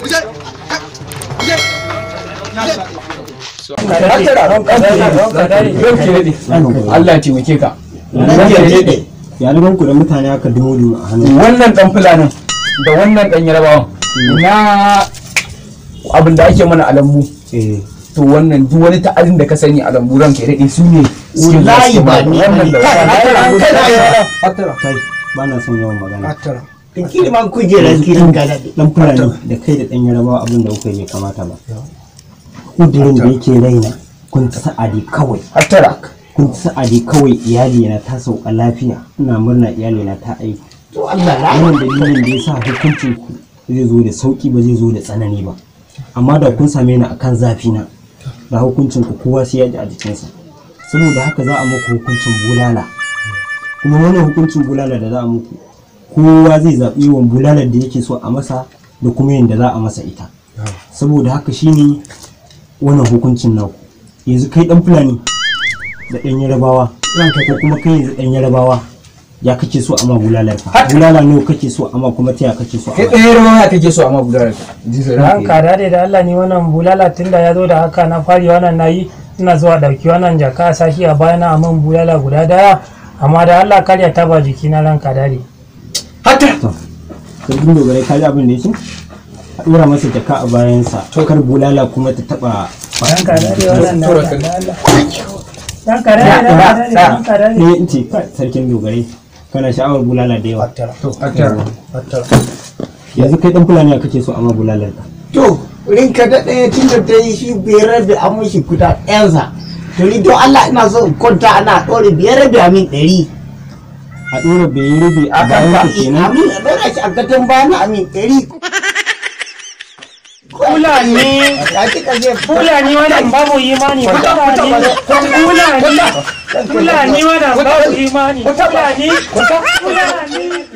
Allah ya taimake ka. Ya banku da mutane aka dumo a hannu. Wannan dan fulani da wannan dan yarabawan na abin da ake mana alambu. To wannan duk wani ta'adin da ka sani a lambu ranka ya daɗe su ne. Wallahi ba ni. Wannan da wannan. ba na son yawan magana. kiri ma kujerar kirin gada dan fulani da kai da dan yarabawa abin da kuka yi kamata ba kudirin da yake raina kun sa'adi kawai hatarak kun sa'adi kawai iyali na ta sauka lafiya ina murna iyali na ta aiki to Allah wannan dalilin da yasa hukuncin ku zai zo da sauki ba zai zo da tsanani ba amma da kun same ni akan zafi na da hukuncin ku kowa sai ya ji a jikinsa saboda haka za a muku hukuncin bulala kuma wannan hukuncin bulala da za a muku kowa zai zaɓi yawan bulalar da yake so a masa da kuma yadda za a masa ita saboda haka shine wannan hukuncin naku yanzu kai dan fulani da dan yarabawa ko kuma kai yanzu ɗan yarabawa ya kake so amma bulalar ka bulala ne kake so amma kuma ta ya kake so amma kai yarabawa ya kake so ma bulalar ka ran ka dade da Allah ne wannan bulala tunda ya zo da haka na fari wannan nayi ina zuwa ɗauki wannan jaka sashi a bayana man bulala guda daya amma da Allah karya ta ba jiki na ranka dade hatta sarkin dogarai ka ji abin da yake a dora masa jaka a bayansa tokar bulala kuma ta taba bayan ka da wannan ne ce sarkin dogarai kana sha'awar bulala da yawa yanzu kai dan fulani kake so amma bulalar ka to rinka da ɗaya tun da ta yi shi biyar da amma shi kuta ɗayansa to ni don allah ina so in kwanta ana ɗore biyar da amin ɗari a ɗora bai rabe a bayan ke nan. Amin, ɗora shi a gadon bana amin ɗari. Fulani, Fulani wannan babu imani, Fulani, Fulani wannan babu imani, Fulani, Fulani.